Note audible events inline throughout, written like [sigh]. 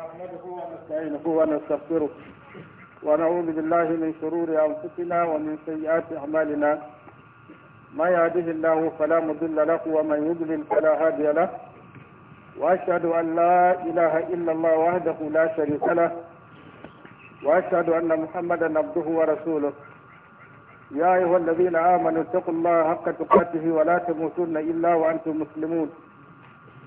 نحمده ونستعينه ونستغفره ونعوذ بالله من شرور أنفسنا ومن سيئات أعمالنا ما يهده الله فلا مضل له ومن يضلل فلا هادي له وأشهد أن لا إله إلا الله وحده لا شريك له وأشهد أن محمدا عبده ورسوله يا أيها الذين آمنوا اتقوا الله حق تقاته ولا تموتن إلا وأنتم مسلمون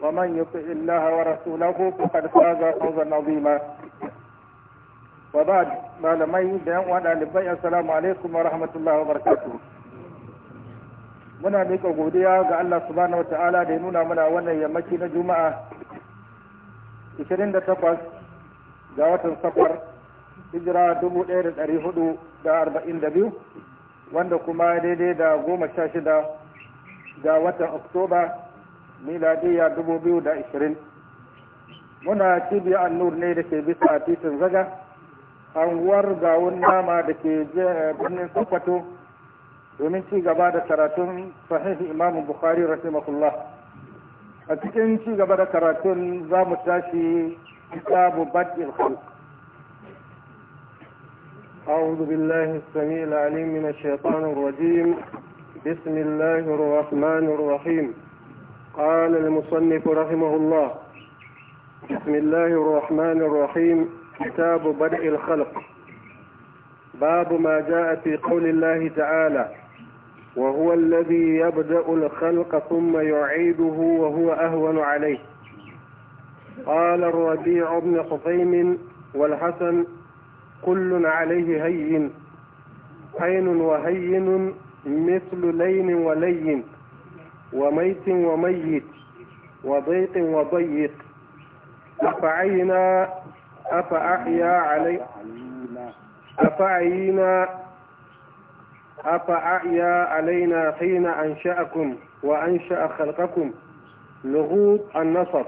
ومن يطع الله ورسوله فقد فاز فوزا عظيما وبعد malamai da yan uwa ɗalibai assalamu alaikum wa rahmatullahi wa muna miƙa godiya ga Allah subhanahu wataala da ya nuna mana wannan yammaci na juma'a 28 ga watan safar hijira 1442 wanda kuma daidai da 16 ga watan oktoba dubu biyu da 2020 muna cibiyar annur ne da ke bisa a titin zaga anguwar gawun nama da ke eh, birnin sokoto domin ci gaba da karatun sahihi imamu bukhari rahimahullah a cikin ci gaba da karatun za mu tashi kitabu bad'il khalq أعوذ بالله السميع العليم من الشيطان الرجيم بسم الله الرحمن الرحيم قال المصنف رحمه الله بسم الله الرحمن الرحيم كتاب بدء الخلق باب ما جاء في قول الله تعالى وهو الذي يبدأ الخلق ثم يعيده وهو أهون عليه قال الربيع بن خثيم والحسن كل عليه هين حين وهين مثل لين ولين وميت وميت وضيق وضيق أفعينا أفأحيا علي أفعينا أفأحيا علينا حين أنشأكم وأنشأ خلقكم لغوط النصر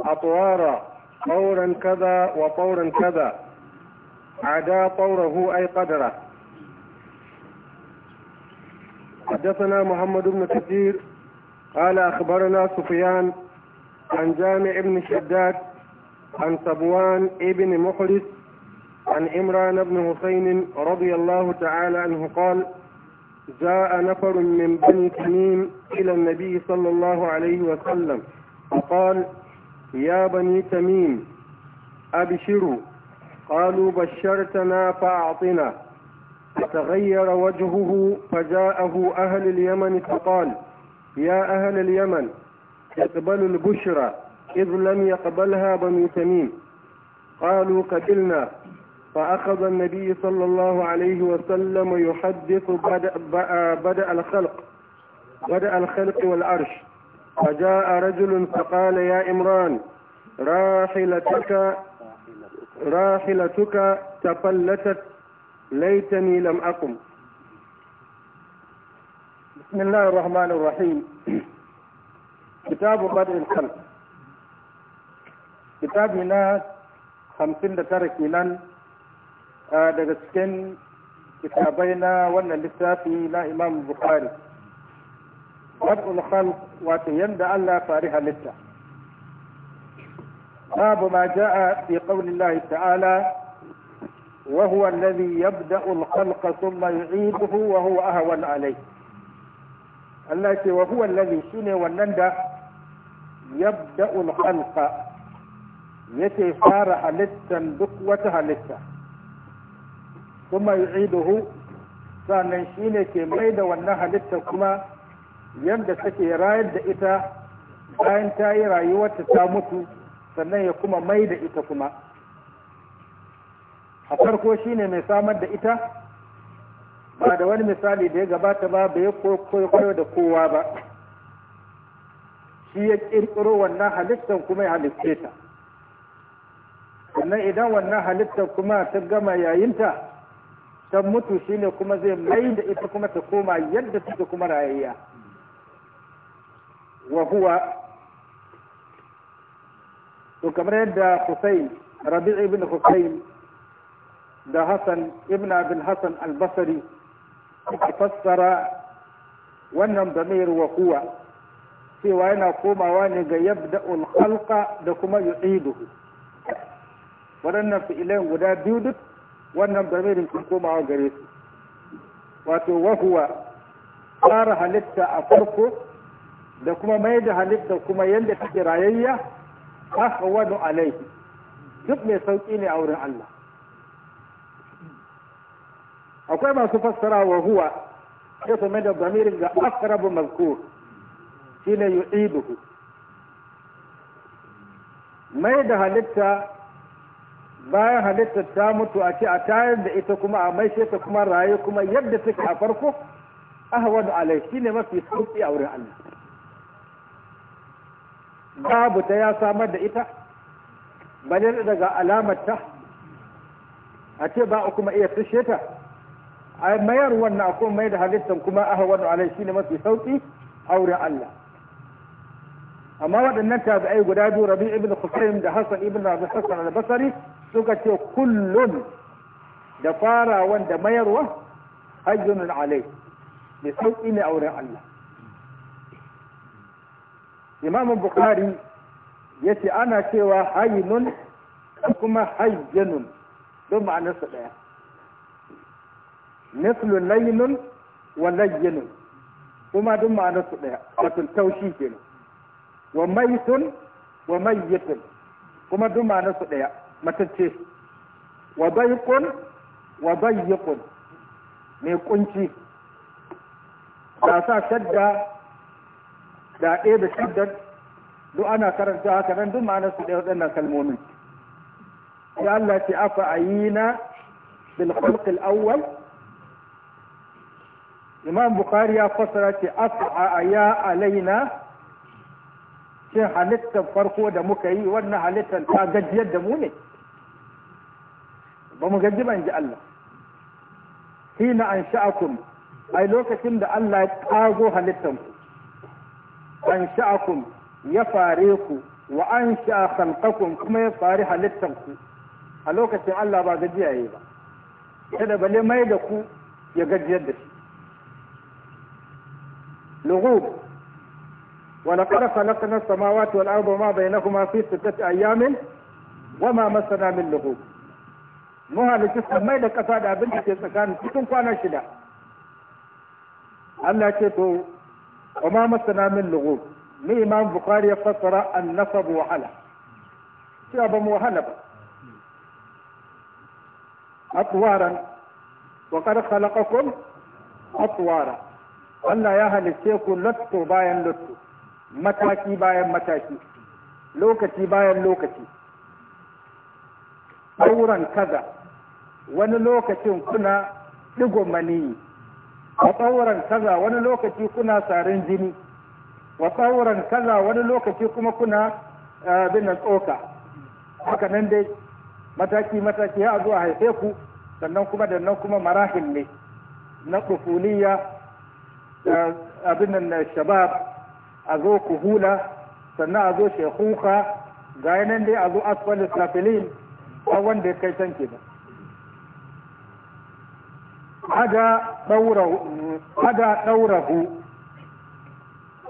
أطوارا طورا كذا وطورا كذا عدا طوره أي قدره حدثنا محمد بن كثير قال أخبرنا سفيان عن جامع بن شداد عن صبوان ابن محرس عن عمران بن حسين رضي الله تعالى عنه قال جاء نفر من بني تميم إلى النبي صلى الله عليه وسلم فقال يا بني تميم أبشروا قالوا بشرتنا فأعطنا فتغير وجهه فجاءه أهل اليمن فقال يا أهل اليمن اقبلوا البشرى إذ لم يقبلها بني تميم قالوا قتلنا فأخذ النبي صلى الله عليه وسلم يحدث بدأ, بدأ الخلق بدأ الخلق والعرش فجاء رجل فقال يا إمران راحلتك راحلتك تفلتت ليتني لم أقم بسم الله الرحمن الرحيم كتاب بدء الخلق كتاب هنا خمسين دترك هنا آه، دغسكن كتابينا وانا لسافي لا امام البخاري بدء الخلق وتيند الله فارها لسا باب ما جاء في قول الله تعالى وهو الذي يبدأ الخلق ثم يعيده وهو أهون عليه Allah ce wa huwa su shine wannan da yabda'ul yake fara halittan duk wata halitta kuma yu'iduhu sannan shine ke mai da wannan halitta kuma yadda take rayar da ita bayan ta yi rayuwarta ta mutu sannan ya kuma mai da ita kuma a farko shine mai samar da ita ba da wani misali da ya gabata ba bai kwaikwayo da kowa ba shi ya ƙirƙiro wannan halittar kuma ya halitte ta sannan idan wannan halittar kuma ta gama yayinta ta mutu shi ne kuma zai mai da ita kuma ta koma yadda take kuma rayayya Wahuwa huwa to kamar yadda Husayn Rabi' ibn Husayn da Hassan ibn Abdul Hassan al suka fassara wannan damir wa kuwa cewa yana komawa ne ga yabda'ul khalqa da kuma yu'iduhu waɗannan fi'ilan guda biyu duk wannan damirin sun komawa gare su wato wahuwa tsara halitta a farko da kuma mai da halitta kuma yadda take rayayya ahwanu alaihi duk mai sauƙi ne a wurin Allah akwai masu fassara wa huwa sai su mai da zamirin ga aqrabu mazkur shine yu'iduhu mai da halitta bayan halitta ta mutu a ce a tayar da ita kuma a mai ta kuma raye kuma yadda take a farko ahwanu alai shine mafi sauki a wurin Allah babu ta ya samar da ita bane daga alamar a ce ba a kuma iya tushe ta a mayar wannan a kuma mai da halittar kuma aha wannan alai shi ne mafi sauki a wurin Allah amma waɗannan ta tabi'ai guda biyu rabi ibn Husayn da Hassan ibn Abi Hassan al-Basri suka ce kullum da farawan da mayarwa hajjun alai mai sauki ne a wurin Allah Imam Bukhari ce ana cewa hayyun kuma hajjanun don ma'anarsa ɗaya mislu laylun wa layyinun kuma duk ma'anar daya wato taushi kenan wa maitun kuma duk daya wa wa mai kunci ba sa shadda da ɗaya da shadda duk ana karanta haka nan duk ma'anar su ɗaya waɗannan kalmomin sai Allah ce afa ayina bil khalqil awwal imam bukari ya fasara ce as'a ya alaina shin halittar farko da muka yi wannan halittar ta gajiyar da mu ne ba mu gaji ba ji Allah hina an sha'akun ai lokacin da Allah ya kago halittar ku an sha'akun ya fare ku wa an sha'a khalqakum kuma ya fare halittar ku a lokacin Allah ba gajiya yayi ba kada bale mai da ku ya gajiyar da shi لغوب ولقد خلقنا السماوات والأرض وما بينهما في ستة أيام وما مسنا من لغوب مو نوها لجسم ما يدك أفاد أبنك تسكان تكون فانا شدا الله تتو وما مسنا من لغوب مي إمام بخاري فسر النصب وحلا شابا موحلا أطوارا وقد خلقكم أطوارا Allah ya halicce ku lotto bayan lotto mataki bayan mataki lokaci bayan lokaci auren kaza wani lokacin kuna ɗigo maniyi wa ɗauran kaza wani lokaci kuna sarin jini wa ɗauran kaza wani lokaci kuma kuna eh, binan tsoka haka nan dai mataki-mataki ya zuwa haife ku sannan kuma da nan kuma marahin ne na ƙufuliya. abin nan shabab a zo kuhula sannan a zo shekuka ga nan dai a zo asfali safilin a wanda ya kai can kenan haga ɗaurahu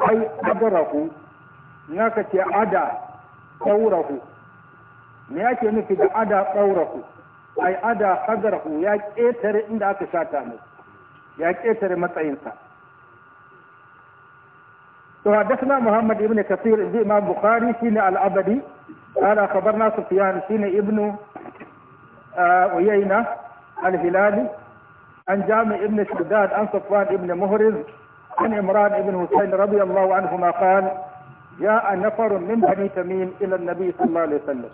ai ɗaurahu ya ka ce ada ɗaurahu me yake nufi da ada ɗaurahu ai ada ɗaurahu ya ƙetare inda aka ta ne ya ƙetare matsayinsa وحدثنا محمد ابن كثير الإمام بخاري سين الأبدي قال خبرنا سفيان سين ابن آه، عيينة الهلالي عن جامع ابن شداد عن صفوان ابن مهرز عن عمران ابن حسين رضي الله عنهما قال جاء نفر من بني تميم إلى النبي صلى الله عليه وسلم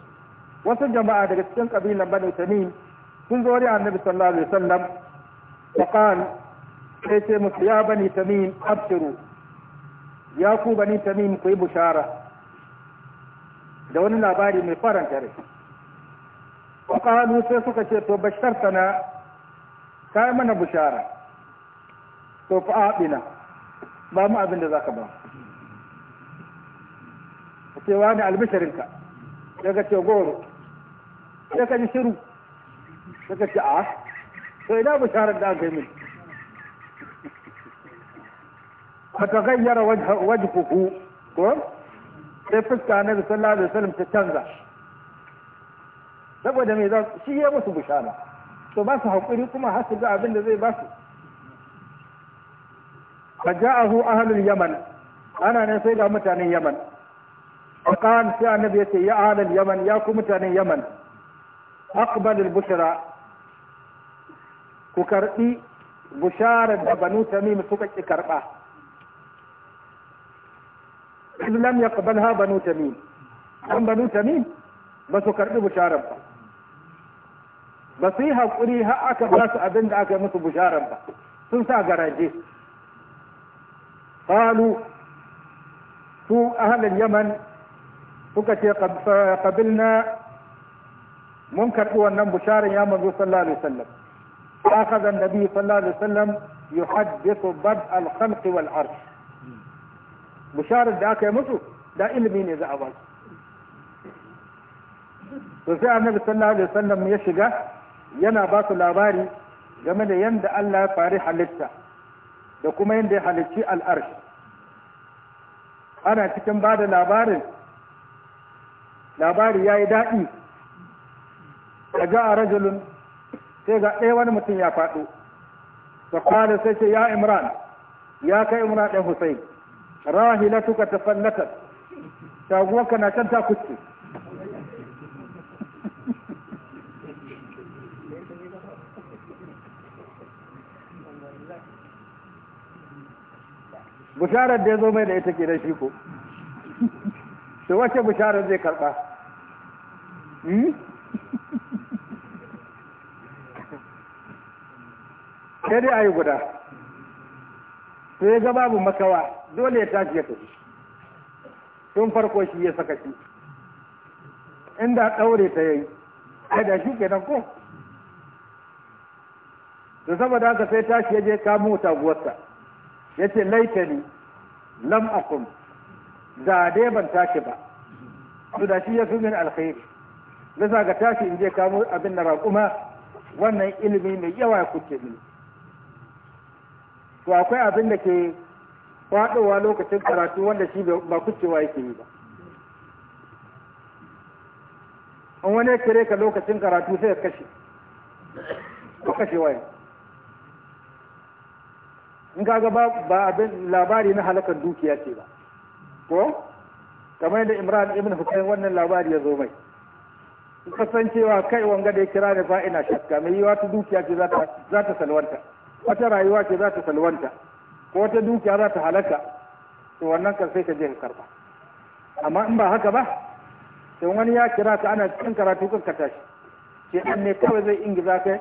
وصل جماعة daga قبيلة بني تميم tamim sun النبي صلى الله عليه وسلم وقال wa qal sai تميم أبشروا ya ku bani min ku yi bushara da wani labari mai faranta rai ƙwaƙalu sai suka ce to bashar na ka mana bushara to fa na ba mu abin da za ka ba a ce wani albisharinka daga ce goro daga ji shiru daga ce a to ina bushara da aka yi mini فتغير وجه وجهه كون كيف كان النبي صلى الله عليه وسلم تتنزع سبوا دم إذا شيء ما سبوا تو ما سحب إليكم حتى جاء بن ذي بس فجاءه أهل اليمن أنا نسوي لهم اليمن يمن فقال يا نبي يا أهل اليمن يا كم تاني يمن أقبل البشرى كُكَرْتِي بشارة بنو تميم سكت كربه إن لم يقبلها بنو تميم أم بنو تميم بس كرب بشارب بس هي هقوليها أكبرس أبن أك مس بشارب سنسا جراجي قالوا سو أهل اليمن فكتي قبلنا منكر ونم بشارة يا محمد صلى الله عليه وسلم أخذ النبي صلى الله عليه وسلم يحدث بدء الخلق والعرش bisharar da aka yi musu da ilimi ne za a ba to sai annabi sallallahu alaihi wasallam ya shiga yana ba su labari game da yadda Allah ya fari halitta da kuma yadda ya halicci al'arsh ana cikin ba da labarin labari ya yi daɗi daga a rajulun sai ga ɗaya wani mutum ya faɗo da sai ce ya imran ya kai imran ɗan husain rahilatuka tafallatat taguwarka na can ta kuce bisharar da ya zo mai da ita ke da shi ko to wace bisharar zai karba hmm? sai dai a yi guda sai ya ga babu makawa dole ya tashi ya tafi tun farko shi ya saka shi inda ɗaure ta yayi ai da shi kenan ko to saboda haka sai tashi ya je kamo taguwarsa ya ce laitani lam akum da dai ban tashi ba to da shi ya fi min alkhairi bisa ga tashi in je kamo abin da raƙuma wannan ilimi mai yawa ya kuce ni to akwai abin da ke faɗowa lokacin karatu wanda shi ba kucewa yake yi ba an wani ya kire ka lokacin karatu sai ya kashe ko kashe waya in ka gaba ba abin labari na halakar dukiya ce ba ko kamar yadda imran ibn hukayn wannan labari ya zo mai kasancewa kai wanga da ya kira da fa ina shakka mai yiwa ta dukiya ce za ta salwanta wata rayuwa ce za ta salwanta ko ta dukiya za ta halaka to wannan kan sai ka je ka karba amma in ba haka ba sai wani ya kira ka ana cikin karatu kan ka tashi sai an ne kawai zai ingiza ka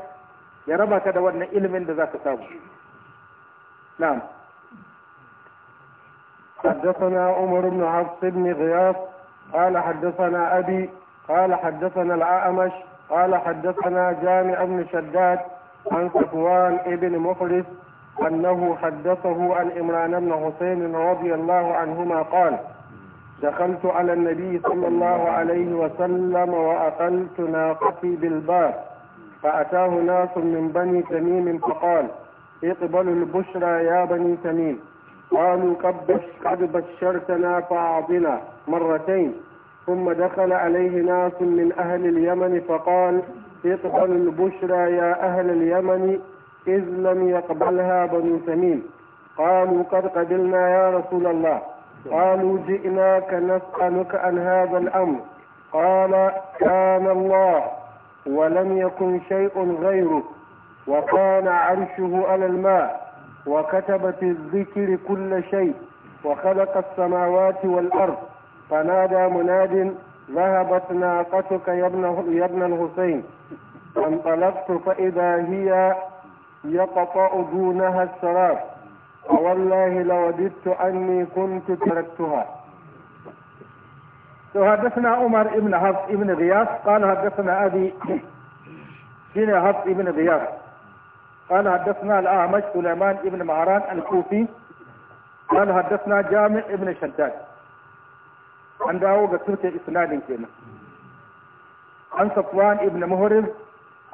ya raba ka da wannan ilimin da za ka samu na'am حدثنا عمر بن حفص بن غياث قال حدثنا أبي قال حدثنا الأعمش قال حدثنا جامع بن شداد عن صفوان ابن مخلص أنه حدثه عن إمران بن حسين رضي الله عنهما قال دخلت على النبي صلى الله عليه وسلم وأقلت ناقتي بالباب فأتاه ناس من بني تميم فقال اقبلوا البشرى يا بني تميم قالوا قد بشرتنا فأعطنا مرتين ثم دخل عليه ناس من أهل اليمن فقال اقبلوا البشرى يا أهل اليمن إذ لم يقبلها بنو تميم قالوا قد قبلنا يا رسول الله قالوا جئناك نسألك عن هذا الأمر قال كان الله ولم يكن شيء غيره وكان عرشه على الماء وكتب في الذكر كل شيء وخلق السماوات والأرض فنادى مناد ذهبت ناقتك يا ابن, يا ابن الحسين فانطلقت فإذا هي يقطع دونها السراب فوالله لوددت أني كنت تركتها حدثنا عمر ابن حفص ابن غياث قال حدثنا أبي بن حفص ابن غياث قال حدثنا الأعمش سليمان ابن مهران الكوفي قال حدثنا جامع ابن شداد عن داوود ترك إسناد كنا عن صفوان ابن مهرز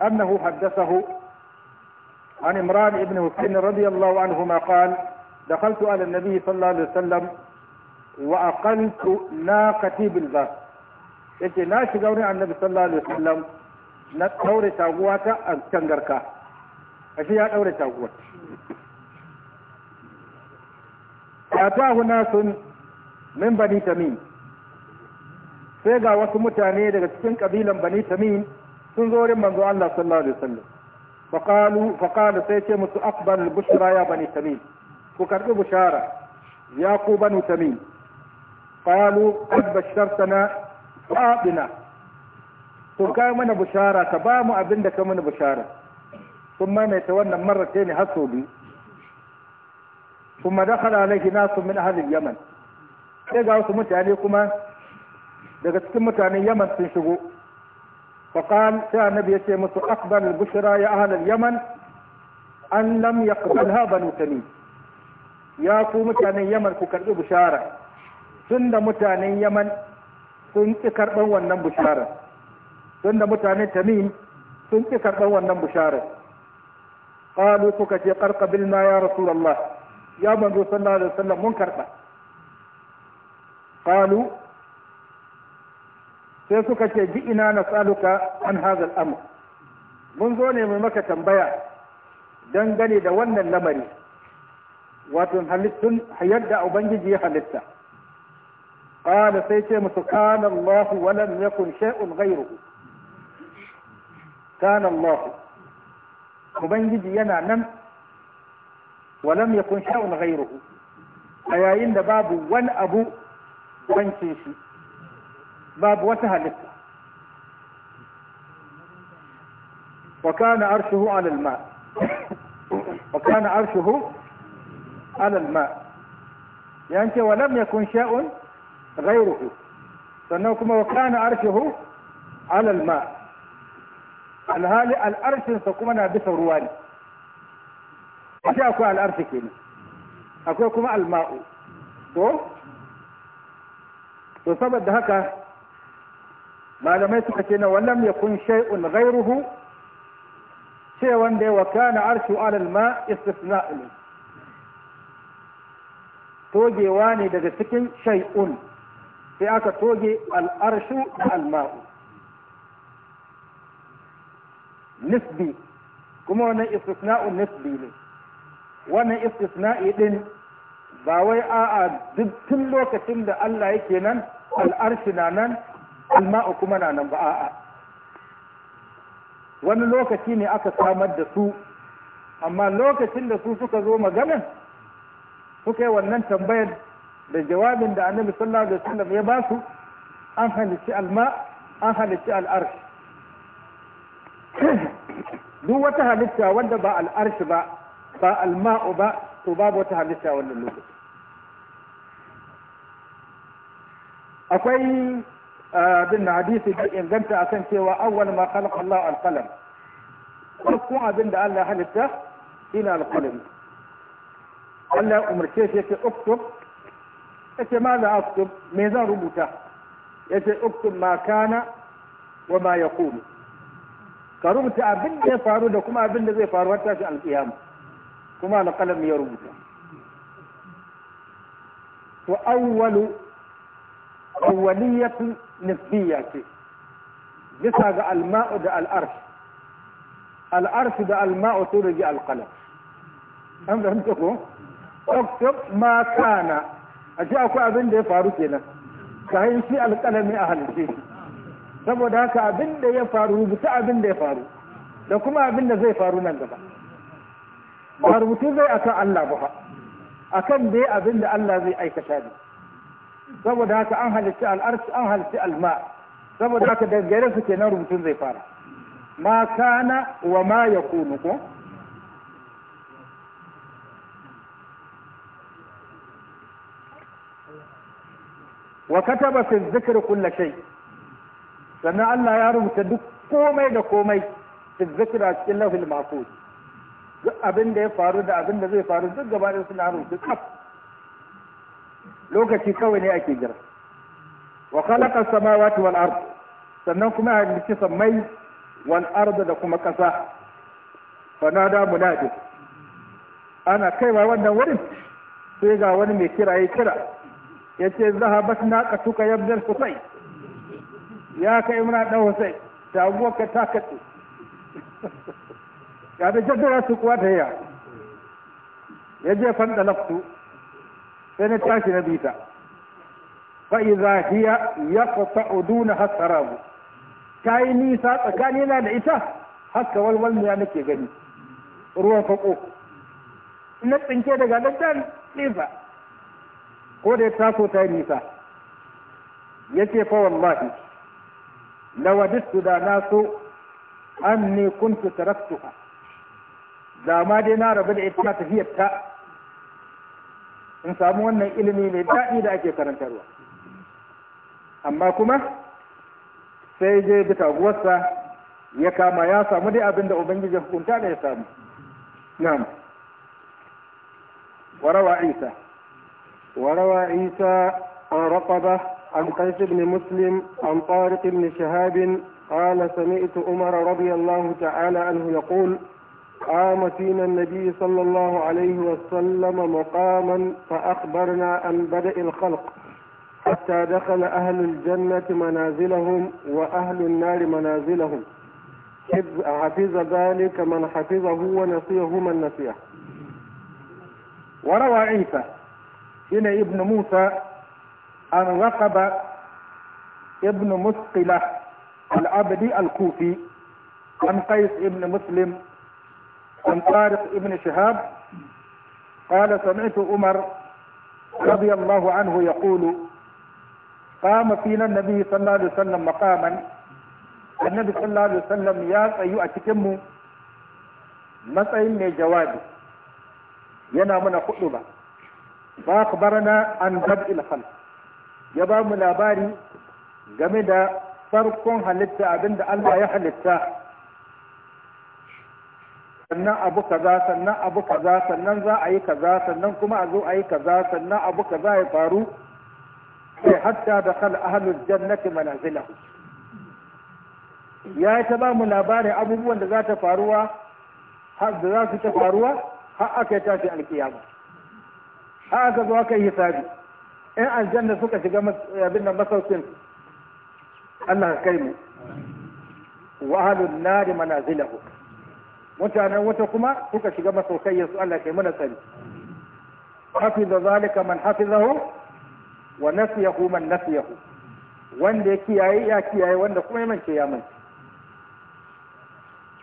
أنه حدثه عن امران بن حسين رضي الله عنهما قال دخلت على النبي صلى الله عليه وسلم وأقلت ناقتي بالبر انت لا شغوري عن النبي صلى الله عليه وسلم نتوري تاغواتا انتنغركا أشياء أوري تاغوات أتاه ناس من بني تميم فيقا وسمتاني لغتكين قبيلا بني تميم تنظر من الله صلى الله عليه وسلم faƙalu sai ce musu akbar bushra ya bani tamim ku karɓi bushara ya ku bani tamim faƙalu albashar ta na faɗina ku kai mana bushara ka ba mu abin da ka mana bushara sun maimaita wannan marar ce ne haso biyu kuma da kala na gina su min ahalin yaman sai ga wasu mutane kuma daga cikin mutanen yaman sun shigo فقال كان نبي سيمس أقبل البشرى يا أهل اليمن أن لم يقبلها بنو تميم يا كو متاني يمن كو كرد بشارة سن متاني يمن سن كرد ونن بشارة سن متاني تميم سن كرد ونن بشارة قالوا سكتي قرق بالما يا رسول الله يا من رسول صلى الله عليه وسلم من قالوا sai suka ce ji ina na tsaluka an hazal amur mun zo ne mai maka tambaya dangane da wannan lamari wato halittun yadda ubangiji ya halitta qala sai ce musu kana allahu walan ya yakun shay'un ghayruhu kana Allah ubangiji yana nan wa ya yakun shay'un ghayruhu a yayin da babu wani abu wancin shi babu wata halitta wa kana arshuhu ala alma wa kana arshuhu ala alma yanke wa lam yakun sha'un ghayruhu sannan kuma wa kana arshuhu ala alma alhali al'arshin kuma na bisa ruwa ne shi akwai al'arshi kenan akwai kuma alma'u to to saboda haka malamai suka ce na wallam ya kun shay'un ghairuhu ce wanda ya wakana arshu alal ma istisna'u ne togewa ne daga cikin shai'un sai aka toge al'arshu da alma'u nisbi kuma wannan istisna'u nisbi ne wannan istisna'i din ba wai a'a duk tun lokacin da Allah yake nan al'arshi na nan alma'u kuma na nan ba wani lokaci ne aka samar da su amma lokacin da su suka zo magana suka yi wannan tambayar da jawabin da annabi sallallahu alaihi wasallam ya ba su an halici alma an halici al’arshi [coughs] duk wata halitta wanda ba al’arshi ba ba alma'u ba to babu wata halitta wannan lokaci akwai Abin da hadisi da inganta a kan cewa awwal ma khalaqa Allah al-qalam farkon abin da Allah halitta shine al-qalam Allah umarce shi yake uktub yace ma za uktub me zan rubuta yace uktub ma kana wa ma yaqulu ka rubuta abin da ya faru da kuma abin da zai faru har tashi alƙiyama kuma alƙalam ya rubuta to awwalu awwaliyatu nisbiya ce bisa ga alma'u da al'arsh al'arsh da alma'u da ji alƙalam an fahimta ko oktob ma kana a ce akwai abin da ya faru kenan kayan shi alƙalami a halice saboda haka abin da ya faru rubuta abin da ya faru da kuma abin da zai faru nan gaba ba rubutu zai akan Allah ba akan dai abin da Allah zai aikata ne saboda haka an halitta al'arci an halitta alma saboda haka dangare su kenan rubutun zai fara ma kana wa ma ya kunu ko wa kataba fi zikr kull shay sannan Allah ya rubuta duk komai da komai fi zikra cikin lafil mafud duk abin da ya faru da abin da zai faru duk gaba da suna rubuta lokaci kawai ne ake jira wa khalaqa samawati wal ard sannan kuma halicci sammai wal ard da kuma kasa fa nada munadi ana kaiwa wannan wurin sai ga wani mai kira ya kira yace zahabat naqatuka yabdal qusay ya kai muna dan husai taguwa ka ta kace [laughs] ya da jaddara su kuwa ta ya je fan dalaftu sai na tashi na bita fa'iza hiya ya kwata uduna hasarabu ta yi nisa tsakanina da ita haka walwalmiya nake gani ruwan fako na tsinke daga lantar nisa ko da ya taso ta yi nisa yake fa wallahi lawadittu da na so an kuntu taraktuha da ma dai na rabu da ita tafiyar ta in samu wannan ilimi mai daɗi da ake karantarwa amma kuma sai je bi taguwarsa ya kama ya samu dai abin da ubangiji hukunta da ya samu na'am warawa isa warawa isa an raqaba عن قيس بن مسلم عن طارق بن شهاب قال سمعت عمر رضي الله تعالى عنه يقول قام فينا النبي صلى الله عليه وسلم مقاما فأخبرنا عن بدء الخلق حتى دخل أهل الجنة منازلهم وأهل النار منازلهم حفظ ذلك من حفظه ونسيه من نسيه وروى عيسى إن ابن موسى عن رقب ابن مسقلة العبدي الكوفي عن قيس ابن مسلم عن طارق ابن شهاب قال سمعت عمر رضي الله عنه يقول قام فينا النبي صلى الله عليه وسلم مقاما النبي صلى الله عليه وسلم يا matsayin mai jawabi yana mana hudu ba ba ku barana an dab'il khalq ya ba labari game da farkon halitta abinda Allah ya halitta sannan abu kaza sannan abu kaza sannan za a yi kaza sannan kuma a zo a yi kaza sannan abu kaza ya faru sai hatta da kal ahlul jannati manazilahu ya ta ba mu labarin abubuwan da za ta faruwa har da za su ta faruwa har aka yi tashi alkiyama har aka zo aka yi hisabi in aljanna suka shiga abin da masaukin Allah ka kai mu wa ahlun nari manazilahu mutanen wata kuma suka shiga masaukaiyar su Allah ke mana tsari hafiza zalika man hafizahu wa nasiyahu man nasiyahu wanda ya kiyaye ya kiyaye wanda kuma ya mance ya mance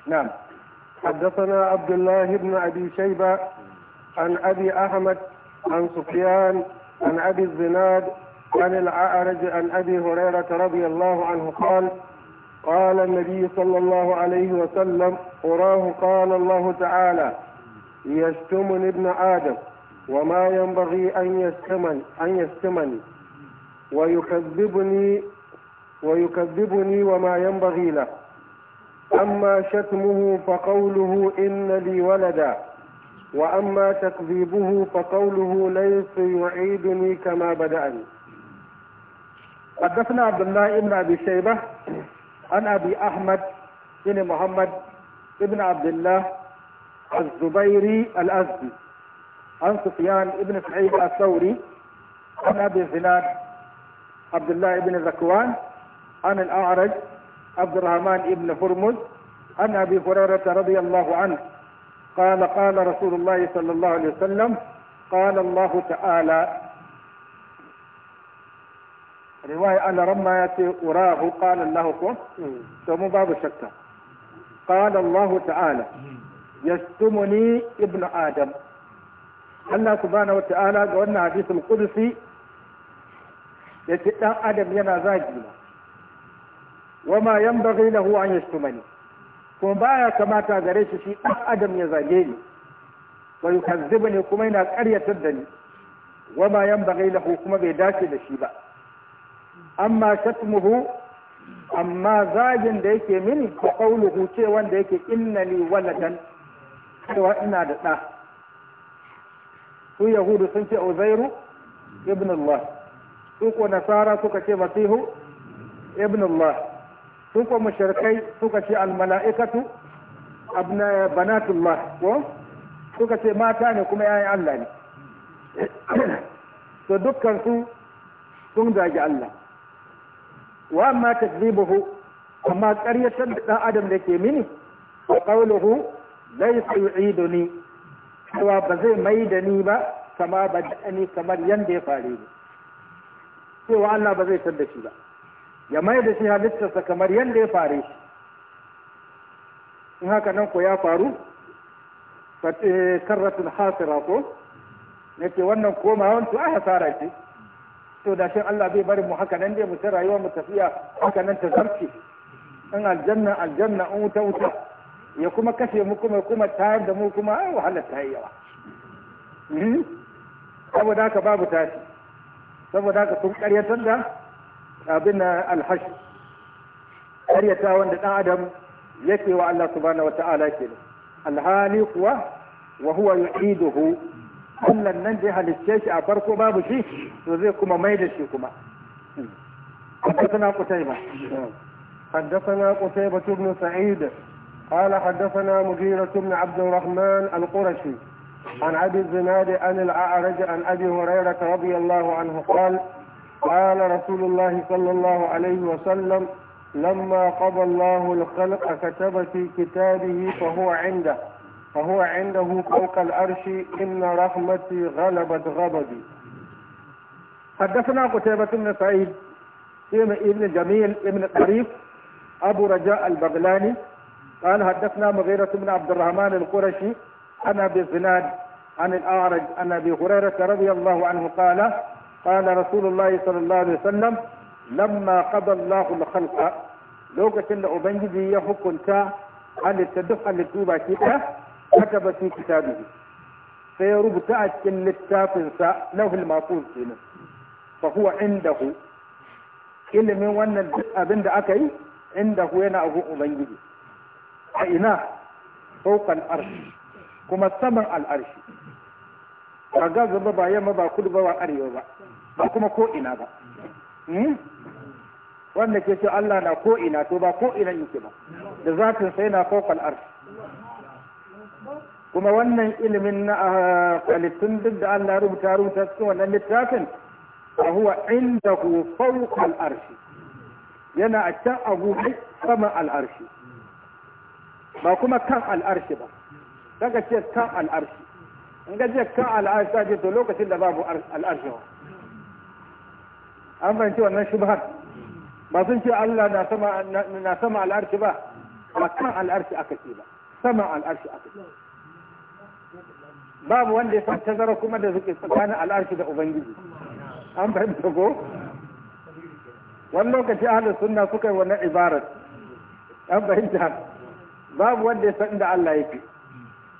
na'am حدثنا عبد الله بن أبي شيبة عن أبي أحمد عن سفيان عن أبي الزناد عن الأعرج عن أبي هريرة رضي الله عنه قال قال النبي صلى الله عليه وسلم أراه قال الله تعالى يشتمني ابن آدم وما ينبغي أن يشتمني أن يشتمني ويكذبني ويكذبني وما ينبغي له أما شتمه فقوله إن لي ولدا وأما تكذيبه فقوله ليس يعيدني كما بدأني حدثنا عبد الله بن أبي شيبة عن أبي أحمد بن محمد بن عبد الله الزبيري الأزدي عن سفيان بن سعيد الثوري عن أبي زناد عبد الله بن ذكوان عن الأعرج عبد الرحمن بن هرمز عن أبي هريرة رضي الله عنه قال قال رسول الله صلى الله عليه وسلم قال الله تعالى riwaya alaran ma ya ce urahu qala Allah ko to mu babu shakka qala Allah ta'ala yashtumuni ibnu adam Allah subhanahu wa ta'ala ga wannan hadisul qudsi yace dan adam yana zagi ma wama yanbaghi lahu an yashtumani kuma baya kamata gare shi shi dan adam ya zage ni wa yukazzibuni kuma yana karyatar da ni wama yanbaghi lahu kuma bai dace da shi ba amma shatmuhu amma zagin da yake mini ko qauluhu ce wanda yake innani waladan cewa ina da ɗa su yahudu sun ce uzairu ibn Allah su ko nasara suka ce masihu ibn Allah su ko mushrikai suka ce malaikatu abna banatullah ko suka ce mata ne kuma yayin Allah ne [coughs] to dukkan su sun zagi Allah wa amma takzibuhu amma ƙaryatar da ɗan adam da ke mini wa qawluhu laysa yu'iduni cewa ba zai mai da ni ba kama ba ni kamar yanda ya fare ni cewa Allah ba zai tadda shi ba ya mai da shi halittarsa kamar yanda ya fari shi in haka nan ko ya faru eh, karratun hasira ko nake wannan komawan to a hasara ce to da shin Allah bai bari mu haka nan dai mu ta rayuwa mu tafiya haka nan ta zarce in aljanna aljanna in wuta wuta ya kuma kashe mu kuma kuma tayar da mu kuma ai wahalar ta yi yawa hmm? saboda haka babu tashi saboda haka sun karyatar da abin alhash karyata wanda dan adam ya yake wa Allah subhanahu wata'ala kenan alhali kuwa wa huwa yu'iduhu أن nan da halicce shi a farko babu shi to zai kuma mai da shi kuma حدثنا قتيبة حدثنا قتيبة بن سعيد قال حدثنا مغيرة بن عبد الرحمن القرشي عن أبي الزناد عن الأعرج عن أبي هريرة رضي الله عنه قال قال رسول الله صلى الله عليه وسلم لما قضى الله الخلق كتب في كتابه فهو عنده فهو عنده فوق العرش إن رحمتي غلبت غضبي حدثنا قتيبة بن سعيد ابن جميل ابن الطريف أبو رجاء البغلاني قال حدثنا مغيرة بن عبد الرحمن القرشي عن أبي زناد عن الأعرج عن أبي هريرة رضي الله عنه قال قال رسول الله صلى الله عليه وسلم لما قضى الله الخلق لوكة أبنجي يحكم تا halitta duk اللي baki ɗaya kataba fi kitabihi sai ya rubuta a cikin littafinsa lahul mafuz kenan fa huwa indahu ilimin wannan abin da aka yi indahu yana abu ubangiji a ina saukan arshi kuma saman al'arshi ba gaza ba ba yamma ba kudu ba arewa ba ba kuma ko ba wanda ke ce Allah na ko to ba ko ina yake ba da zatin yana na fawqal kuma wannan ilimin na ah, halittun duk da Allah rubuta rubuta cikin wannan littafin a huwa inda ku fauka al'arshi yana a can abubai sama al'arshi ba kuma kan al'arshi ba daga ce kan al'arshi in ga ce kan al'arshi ta ce to lokacin da babu al'arshi ba an fahimci wannan shubhar ba sun ce Allah na sama al'arshi ba ba kan al'arshi aka ce ba sama al'arshi aka ce babu wanda ya san tazara kuma da zuke tsakanin al'arshi da ubangiji an fahimta ko wani lokaci ahlus sunna suka yi wannan ibarat an fahimta babu wanda ya san inda Allah yake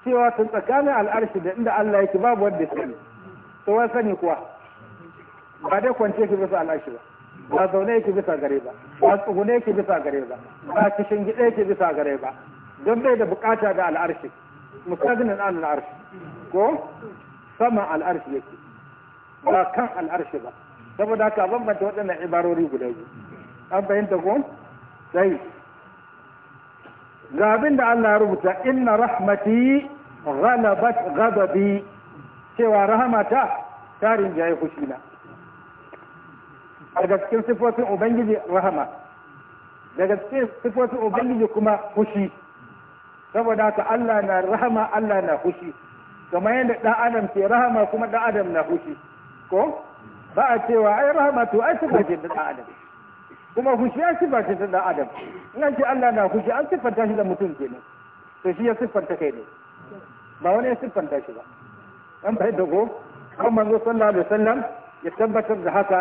cewa tun tsakanin al'arshi da inda Allah yake babu wanda ya sani to wani sani kuwa ba dai kwance ki bisa al'arshi ba ba zaune yake bisa gare ba ba tsugune yake bisa gare ba ba kishin gida yake bisa gare ba don bai da bukata da al'arshi musagnin an al'arshi ko sama al'arshi yake ba kan al'arshi ba saboda haka bambanta waɗannan ibarori guda biyu an fahimta ko sai ga abin da Allah ya rubuta inna rahmati ghalabat ghadabi cewa rahamata ta rinjaye fushina daga cikin sifofin ubangiji rahama daga cikin sifofin ubangiji kuma fushi saboda haka Allah na rahama Allah na fushi kamar yadda ɗan adam ke rahama kuma ɗan adam na hushi ko ba a cewa ai rahama to ai sifa ce ɗan adam kuma hushi ai sifa ce ta ɗan adam ina ce Allah na hushi an siffanta shi da mutum ne to shi ya siffanta kai ne ba wani ya siffanta shi ba an da ko kan manzo sallallahu alaihi wasallam ya tabbatar da haka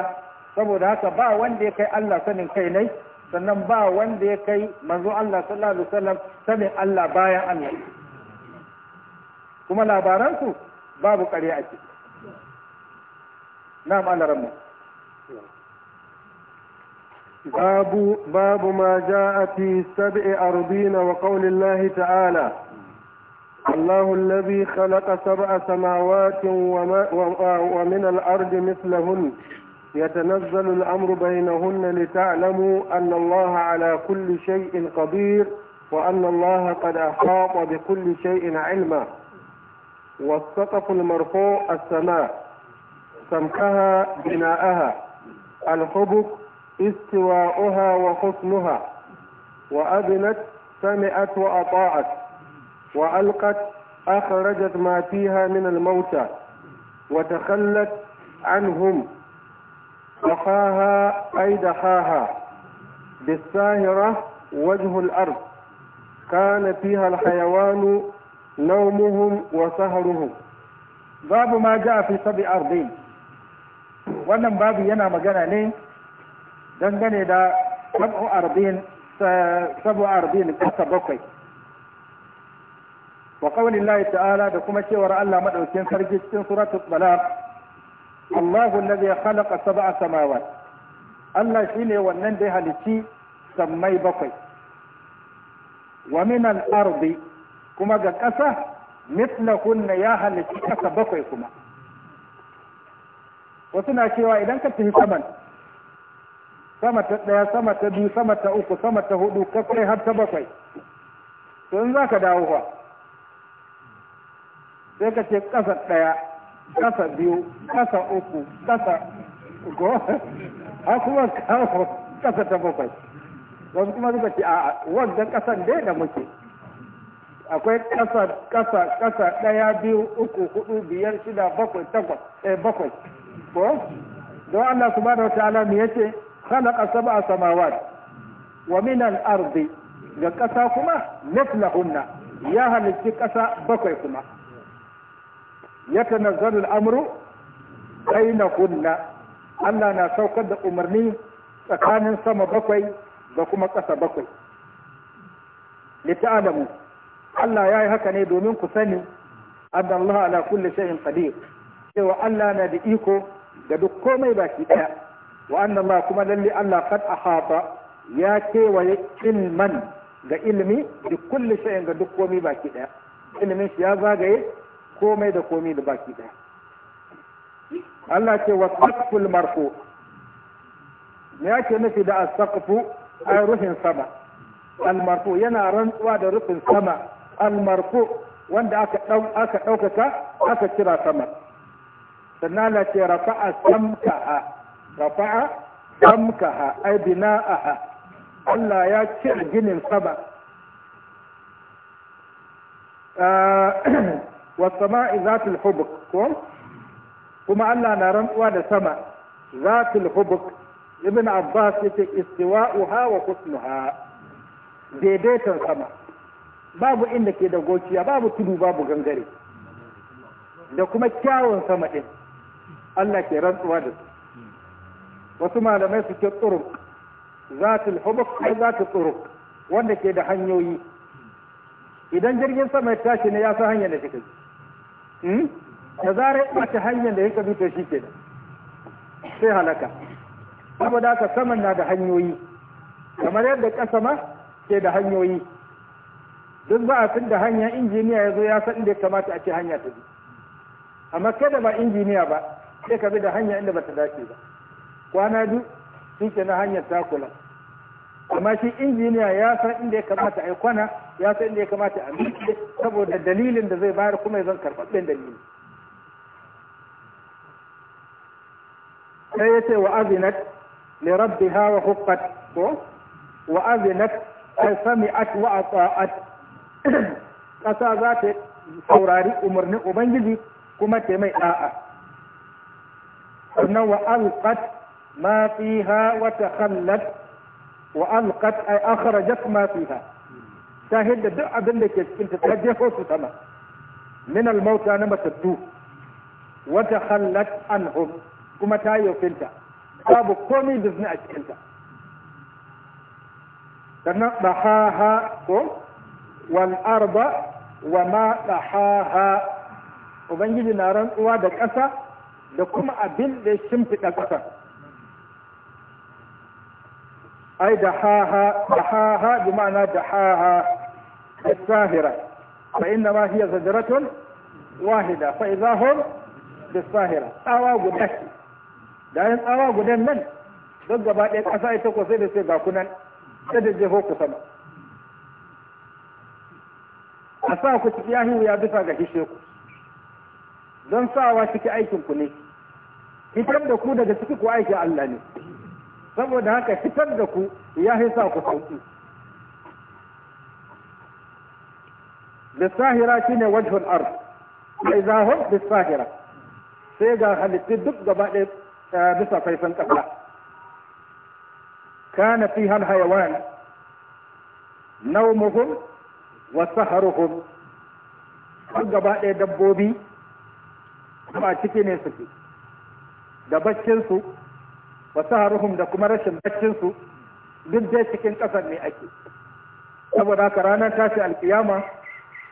saboda haka ba wanda ya kai Allah sanin kai ne sannan ba wanda ya kai manzo Allah sallallahu alaihi wasallam sanin Allah bayan Allah kuma labaransu babu ƙarya a ciki na ma'alaran mu باب باب ما جاء في سبع أرضين وقول الله تعالى الله الذي خلق سبع سماوات وما ومن الأرض مثلهن يتنزل الأمر بينهن لتعلموا أن الله على كل شيء قدير وأن الله قد أحاط بكل شيء علما والسقف المرفوع السماء سمكها بناءها الحبك استواؤها وحسنها وأذنت سمعت وأطاعت وألقت أخرجت ما فيها من الموتى وتخلت عنهم دحاها أي دحاها بالساهرة وجه الأرض كان فيها الحيوان naumuhum wa saharuhum babu ma ja fi sabi ardi wannan babu yana magana ne dangane da sabu ardin sabu ardin kasa bakwai wa qawli Allah ta'ala da kuma cewar Allah madaukin sarki cikin suratul talaq Allahu alladhi khalaqa sab'a samawat Allah shine wannan da halicci sammai bakwai wa min al-ardi kuma ga ƙasa mislahunna ya halitta ƙasa bakwai kuma wasu na cewa idan ka tafi saman sama ta ɗaya sama ta biyu sama ta uku sama ta hudu ka kai har ta bakwai to in za ka dawo ba sai ka ce ƙasa ɗaya ƙasa biyu ƙasa uku ƙasa go har kuma ƙasa ta bakwai wasu kuma suka ce a wanda ƙasan dai da muke akwai ƙasa ƙasa ƙasa ɗaya biyu uku hudu biyar shida bakwai takwas eh bakwai ko don Allah subhanahu wa ta'ala ne yace khalaqa sab'a samawat wa min al-ardi ga ƙasa kuma mithlahunna ya halitti ƙasa bakwai kuma yatanazzalu al-amru kunna Allah na saukar da umarni tsakanin sama bakwai da kuma ƙasa bakwai lita'alamu Allah ya yi haka ne domin ku sani anna Allah ala kulli shay'in qadir cewa Allah na da iko ga duk komai baki daya wa anna Allah kuma lalle Allah kad ahata ya kewaye ilman ga ilmi da kulle shay'in ga duk komai baki daya ilmin shi ya zagaye komai da komai da baki daya Allah ce wa saqful marfu me yake nufi da as-saqfu ay ruhin sama al marfu yana rantsuwa da rufin sama almarfu wanda aka aka ɗaukaka aka kira sama sannan la ce rafa'a samkaha rafa'a samkaha ai bina'aha Allah ya cire ginin sama ah, [clears throat] wa sama'i zatul hubuk ko kuma Allah na rantsuwa da sama zatul hubuk ibn Abbas yake istiwa'uha wa kusnuha daidaiton sama babu inda ke da gociya babu tudu babu gangare da kuma kyawun sama ɗin Allah ke rantsuwa da su wasu malamai su ce tsuruk zatul hubuk ai zatul tsuruk wanda ke da hanyoyi idan jirgin sama ya tashi ne ya san hanyar da take hmm? da zarar ya ta hanyar da yake to shi ke sai halaka saboda haka saman na da hanyoyi kamar yadda kasama ma ke da hanyoyi don za a san da hanya injiniya ya zo ya san inda ya kamata a ce hanya ta bi amma kada ba injiniya ba sai ka bi da hanya inda ba ta dace ba kwana biyu shi ke na hanyar takula amma shi injiniya ya san inda ya kamata a yi kwana ya san inda ya kamata a miƙe saboda dalilin da zai bayar kuma ya zan karɓaɓɓen dalili sai ya ce wa azinat li rabbiha wa huqqat ko wa azinat ai sami'at wa ata'at [coughs] ƙasa za ta saurari umarnin ubangiji kuma ta mai da'a sannan wa alƙat ma ha wata takhallat wa alqat ay jas ma ha, ta hidda duk abin da ke cikin ta jefo su sama min almauta na matattu wa an hum kuma ta yi yofinta babu komai bizni a cikinta sannan ha ko wal arba wa ma dahaha ubangiji na rantsuwa da ƙasa da kuma abin da ya shimfiɗa ƙasa ai dahaha dahaha bi ma'ana dahaha as-sahira fa inna ma hiya zajratun wahida fa idza hum bis-sahira tsawa guda da yan tsawa gudan nan don gaba ɗaya ƙasa ita ko sai da sai ga kunan sai da jeho ku sama sa ku ciki yahi ya bisa ga hishe ku don sawa ciki aikin ku ne fitar da ku daga ciki ku aiki Allah ne saboda haka fitar da ku ya sa ku sauki lissahira ne wajhul ard sai zahur lissahira sai ga halittu duk gaba ɗaya bisa faifan ƙasa kana fi hal hayawan naumuhum wa saharuhum har gaba ɗaya dabbobi kuma ciki ne suke da baccinsu wa saharuhum da kuma rashin baccinsu duk dai cikin ƙasar ne ake saboda haka ranar tashi alkiyama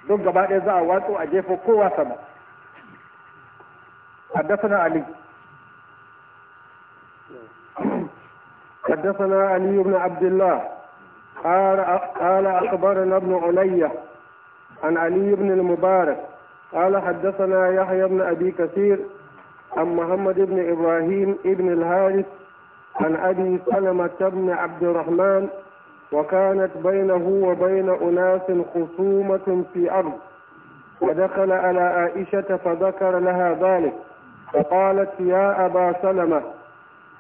duk gaba ɗaya za a watsu a jefa kowa sama حدثنا علي حدثنا علي بن عبد الله قال قال أخبرنا ابن علي عن علي بن المبارك قال حدثنا يحيى بن أبي كثير عن محمد بن إبراهيم بن الهارث عن أبي سلمة بن عبد الرحمن وكانت بينه وبين أناس خصومة في أرض ودخل على عائشة فذكر لها ذلك فقالت يا أبا سلمة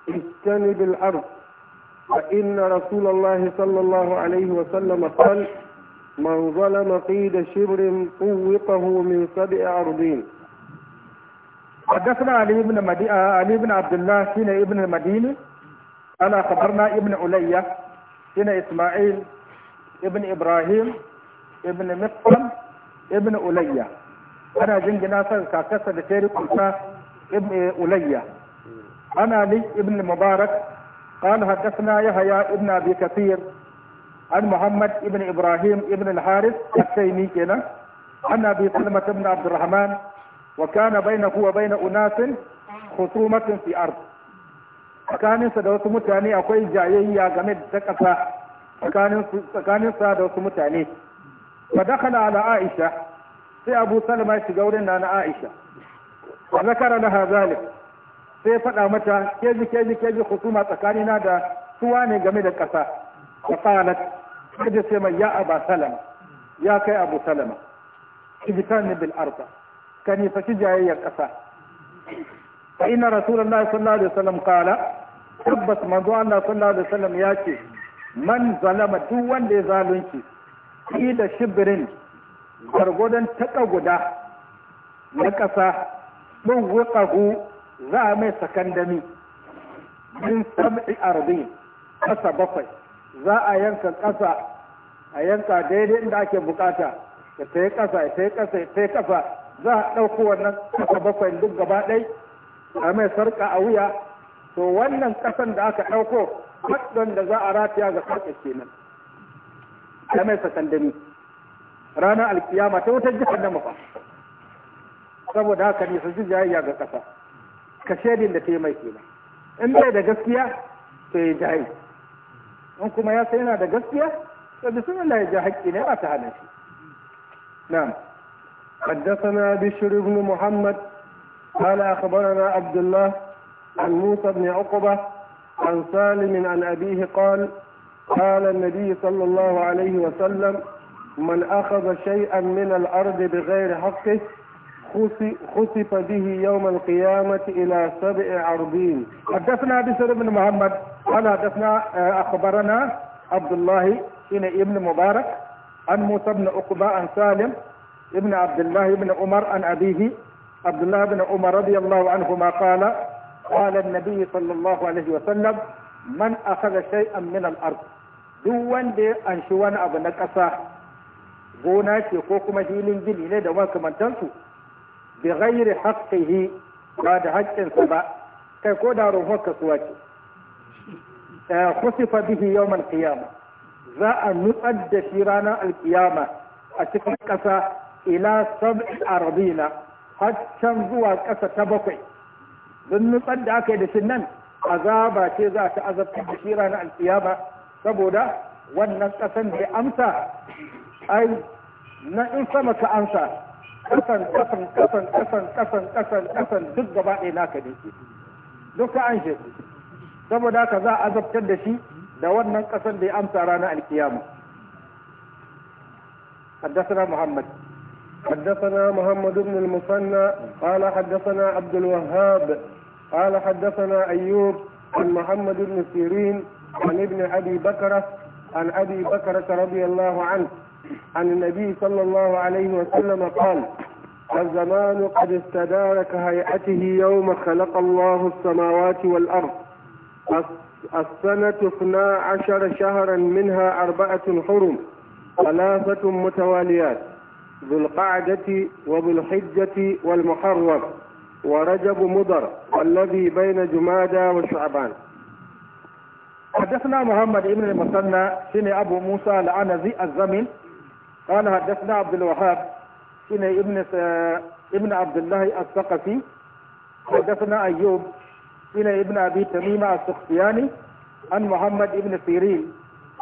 اجتنب الأرض فإن رسول الله صلى الله عليه وسلم قال من ظلم قيد شبر طوقه من سبع أرضين حدثنا علي بن مدي... آه، علي بن عبد الله سين ابن المديني أنا خبرنا ابن عليا سين إسماعيل ابن إبراهيم ابن مقرم ابن عليا أنا جنجنا كاكسة لتيري ابن عليا أنا لي ابن المبارك قال حدثنا يحيى ابن ابي كثير عن محمد ابن ابراهيم ابن الحارث التيمي كنا عن ابي سلمة بن عبد الرحمن وكان بينه وبين اناس خصومة في ارض كان سدوس متاني اخوي جاي يا جمد تكفى كان سدوس متاني فدخل على عائشة في ابو سلمة تقولين انا عائشة وذكر لها ذلك sai ya faɗa mata keji keji keji husuma tsakanina da suwa ne game da ƙasa fa qalat kaje sai mai ya aba salama ya kai abu salama ibtani bil ka nisa shi jayayyar ƙasa fa rasulun na sun lalata salam kala tabbas manzo Allah sun lalata salam ya ce man zalama duk wanda ya zalunci shi birin. gargodon taƙa guda na ƙasa ɗin wuƙahu za a mai sakandami min sam'i arzi ƙasa bakwai za a yanka ƙasa a yanka daidai inda ake bukata ya ta yi ƙasa ya ta yi ƙasa ya ta yi ƙasa za a ɗauko wannan ƙasa bakwai duk gaba ɗai a mai sarƙa a wuya to wannan ƙasan da aka ɗauko haɗin da za a rataya ga sarƙa kenan ta mai sakandami ranar alkiyama ta wutar jihar na mafa saboda haka ne su ji jayayya ga ƙasa كشادي اللي تيمي تيلا إن لا ده جسيا في جاي أنكم ما يسينا ده جسيا فبسم الله جاهد إلى ما شيء نعم حدثنا بشر بن محمد قال أخبرنا عبد الله عن موسى بن عقبة عن سالم عن أبيه قال قال النبي صلى الله عليه وسلم من أخذ شيئا من الأرض بغير حقه خسف به يوم القيامة إلى سبع عرضين حدثنا بسر بن محمد قال حدثنا آه، أخبرنا عبد الله بن ابن مبارك عن موسى بن عقبة عن سالم ابن عبد الله بن عمر عن أبيه عبد الله بن عمر رضي الله عنهما قال قال النبي صلى الله عليه وسلم من أخذ شيئا من الأرض دون دي أنشوان أبنك أساه gona ce ko kuma hilin gini ne da bi ghairi haqqihi ba da haƙƙinsa ba kai ko da ruhun kasuwa ce kusifa bihi yawmal qiyama za a nutsar da shi ranar alkiyama a cikin ƙasa ila sab'i arbina har can zuwa ƙasa ta bakwai don nutsar da aka yi da shi nan azaba ce za ta azabtar da shi ranar alkiyama saboda wannan ƙasan da amsa ai na in sama ka amsa kasan kasan kasan kasan kasan kasan kasan duk gaba ɗaya naka ne ke duka an shi saboda haka za a azabtar da shi da wannan kasan da ya amsa ranar alkiyama حدثنا محمد حدثنا محمد بن المثنى قال حدثنا عبد الوهاب قال حدثنا أيوب عن محمد بن سيرين عن ابن أبي بكرة عن أبي بكرة رضي الله عنه عن النبي صلى الله عليه وسلم قال الزمان قد استدار كهيئته يوم خلق الله السماوات والأرض السنة اثنا عشر شهرا منها أربعة حرم ثلاثة متواليات ذو القعدة وذو الحجة والمحرم ورجب مضر والذي بين جمادى وشعبان حدثنا محمد بن المثنى سنة أبو موسى لعنزي الزمن قال حدثنا عبد الوهاب سنة ابن ابن عبد الله الثقفي حدثنا أيوب سنة ابن أبي تميمة السختياني عن محمد ابن سيرين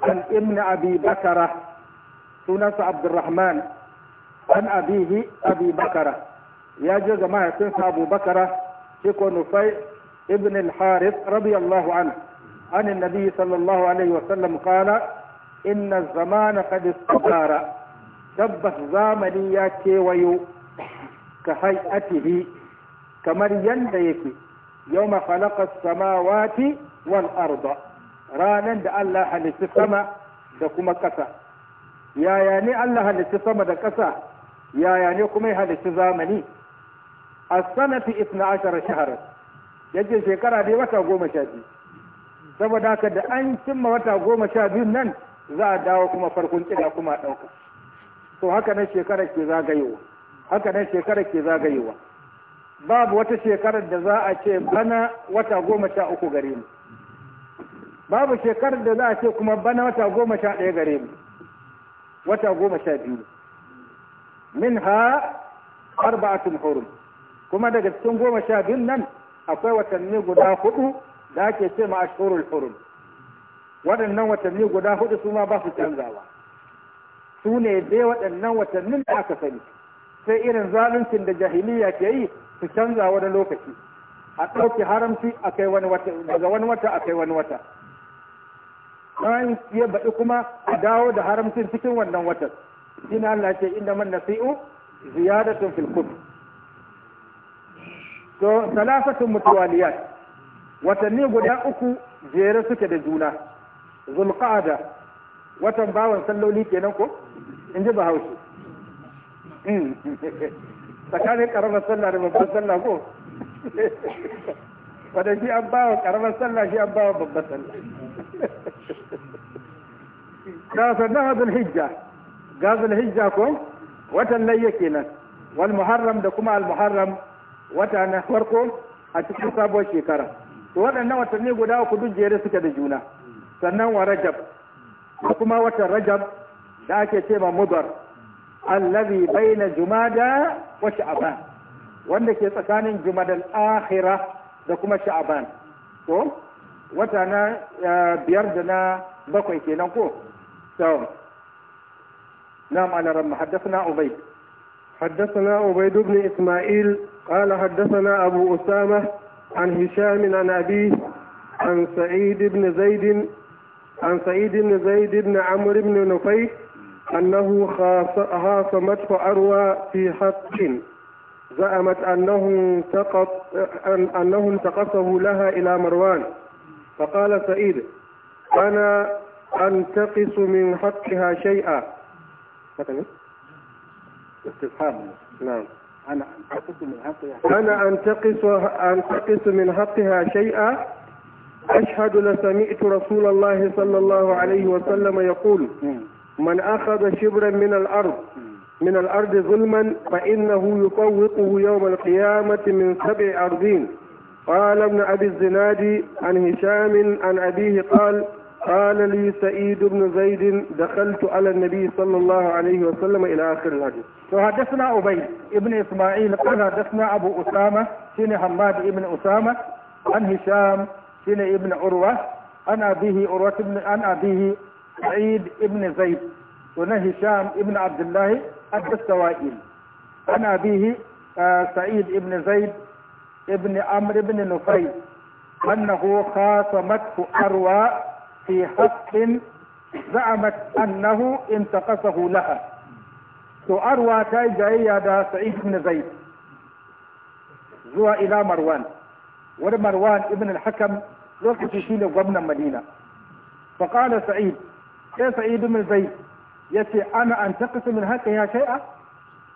عن ابن أبي بكرة سنة عبد الرحمن عن أبيه أبي بكرة يا جماعة تنسى أبو بكرة شكو نفيع ابن الحارث رضي الله عنه عن النبي صلى الله عليه وسلم قال إن الزمان قد استدار tabbas zamani ya kewayo ka hayatihi kamar yanda yake yau mafalakar samawati wal arda ranar da Allah halitta sama da kuma ƙasa yaya ne Allah halitta sama da ƙasa yaya ne kuma ya halitta zamani a sanati isna ashara shahar yaje shekara dai wata goma sha biyu saboda haka da an cimma wata goma sha biyu nan za a dawo kuma farkon kira kuma ɗauka to haka nan shekarar ke zagayewa haka nan shekarar ke zagayewa babu wata shekarar da za a ce bana wata goma sha uku gare mu babu shekarar da za a ce kuma bana wata goma sha ɗaya gare mu wata goma sha biyu min ha arba'atun hurum kuma daga cikin goma sha biyun nan akwai watanni guda hudu da ake ce ma ashhurul hurum waɗannan watanni guda hudu su ma ba su canzawa su ne dai waɗannan watannin da aka sani sai irin zaluncin da jahiliya ke yi su canza wani lokaci a ɗauki haramci a kai wani wata daga wani wata a kai wani wata bayan ya baɗi kuma a dawo da haramcin cikin wannan watan ina Allah ce inda man nasi'u ziyadatun fil to salasatun mutuwaliyat watanni guda uku jere suke da juna zulqa'ada watan bawan salloli kenan ko in ji ba hausu hmm. tsakanin karamar sallah da babbar sallah ko wadda shi an bawa karamar sallah shi an bawa babbar sallah da sannan hazul hijja gazul hijja ko watan layya kenan wal muharram da kuma al muharram wata na farko a cikin sabuwar shekara to waɗannan watanni guda uku duk jere suke da juna sannan wa rajab kuma watan rajab da ake ce ma mudar allazi baina jumada wa sha'ban wanda ke tsakanin jumadal akhira da kuma sha'ban to wata na biyar da na bakwai kenan ko to نعم على رب حدثنا عبيد حدثنا عبيد بن إسماعيل قال حدثنا أبو أسامة عن هشام عن أبيه عن سعيد بن زيد عن سعيد بن زيد بن عمرو بن نفيح أنه خاصمته أروى في حق زعمت أنه انتقص أنه انتقصه لها إلى مروان فقال سعيد أنا أنتقص من حقها شيئا استفهام نعم أنا أنتقص من حقها أنا أنتقص أنتقص من حقها شيئا أشهد لسمعت رسول الله صلى الله عليه وسلم يقول من أخذ شبرا من الأرض من الأرض ظلما فإنه يطوقه يوم القيامة من سبع أرضين قال ابن أبي الزناد عن هشام عن أبيه قال قال لي سعيد بن زيد دخلت على النبي صلى الله عليه وسلم إلى آخر الحديث فحدثنا أبي ابن إسماعيل قال حدثنا أبو أسامة سين حماد ابن أسامة عن هشام سين ابن عروة عن أبيه عروة بن عن أبيه سعيد ابن زيد ونه هشام ابن عبد الله الدستوائي عن أبيه سعيد ابن زيد ابن عمرو بن نفيل أنه خاصمته أروى في حق زعمت أنه انتقصه لها أروى تاي جاي دا سعيد بن زيد زوى إلى مروان ومروان ابن الحكم لوكتي شيني gwamnan مدينه فقال سعيد sai sa'idu min zai ya ce ana an takasa min haƙƙi ya shai'a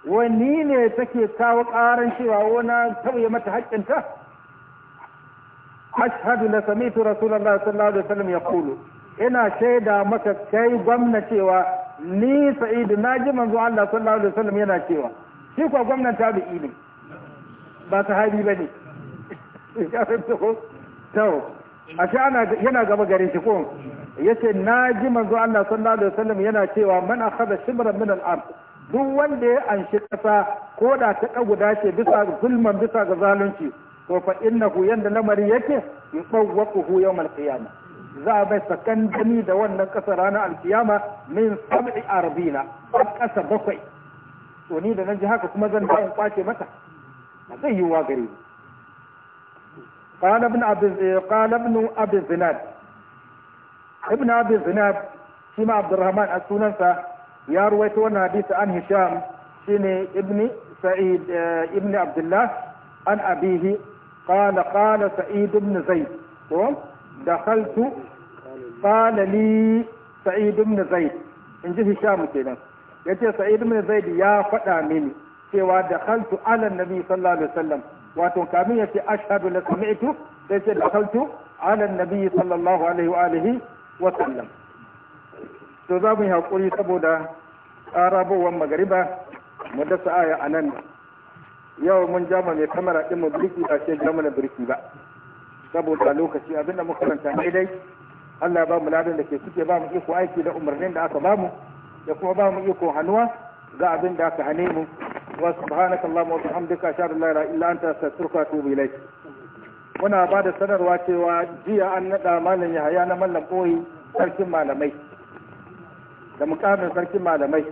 wani ne take kawo ƙaran cewa wani tauye mata haƙƙinta ashhadu la samitu Rasulallah sallallahu alaihi wasallam yaqulu ina shaida maka kai gwamna cewa ni sa'idu na ji manzo Allah sallallahu alaihi wasallam yana cewa shi ko gwamnan tabi'i ne ba sahabi bane [laughs] ya fahimta to a ana yana gaba gare shi ko ya ce na ji manzo Allah sallallahu alaihi wasallam yana cewa man akhadha shibran min al-ard duk wanda ya anshi kasa ko da ta guda ce bisa zulman bisa ga zalunci to fa innahu yanda lamari yake yutawwaquhu yawm al-qiyamah za a bai sakandami da wannan kasa ranar alkiyama min sab'i arbina kasa bakwai to ni da na ji haka kuma zan bayan kwace mata ba zai yi wa gare ni قال ابن ibn abi zinab shi ma abdurrahman a sunansa ya ruwaito wannan hadisi an hisham shine Ibni sa'id eh, ibn abdullah an abihi قال قال سعيد بن زيد دخلت قال لي سعيد بن زيد in ji Hisham kenan yace Sa'id ibn Zaid ya fada mini cewa da khaltu ala nabi sallallahu alaihi wasallam wato kamin yace ashhadu la sami'tu sai ce dakhaltu ala nabi sallallahu alaihi wa alihi wasallam to za mu yi haƙuri saboda ƙarabowar magariba mu dasa aya a nan yau mun jama mai kamara ɗin mu birki ba ce jama na birki ba saboda lokaci abinda muka karanta dai Allah ba mu ladan da ke suke ba mu iko aiki da umarnin da aka ba mu da kuma ba mu iko hannuwa ga abin da aka hane mu wa subhanakallahumma wa bihamdika ashhadu an la ilaha illa anta astaghfiruka wa atubu muna ba da sanarwa cewa jiya an naɗa malam yahaya na mallam koyi sarkin malamai da mukamin sarkin malamai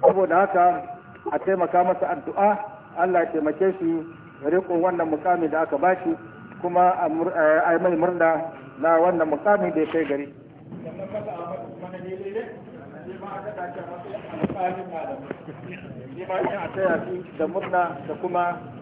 saboda haka a taimaka masa addu'a Allah taimake shi riko wannan mukami da aka bashi kuma a mai murna na wannan mukami da ya kai gari murna da kuma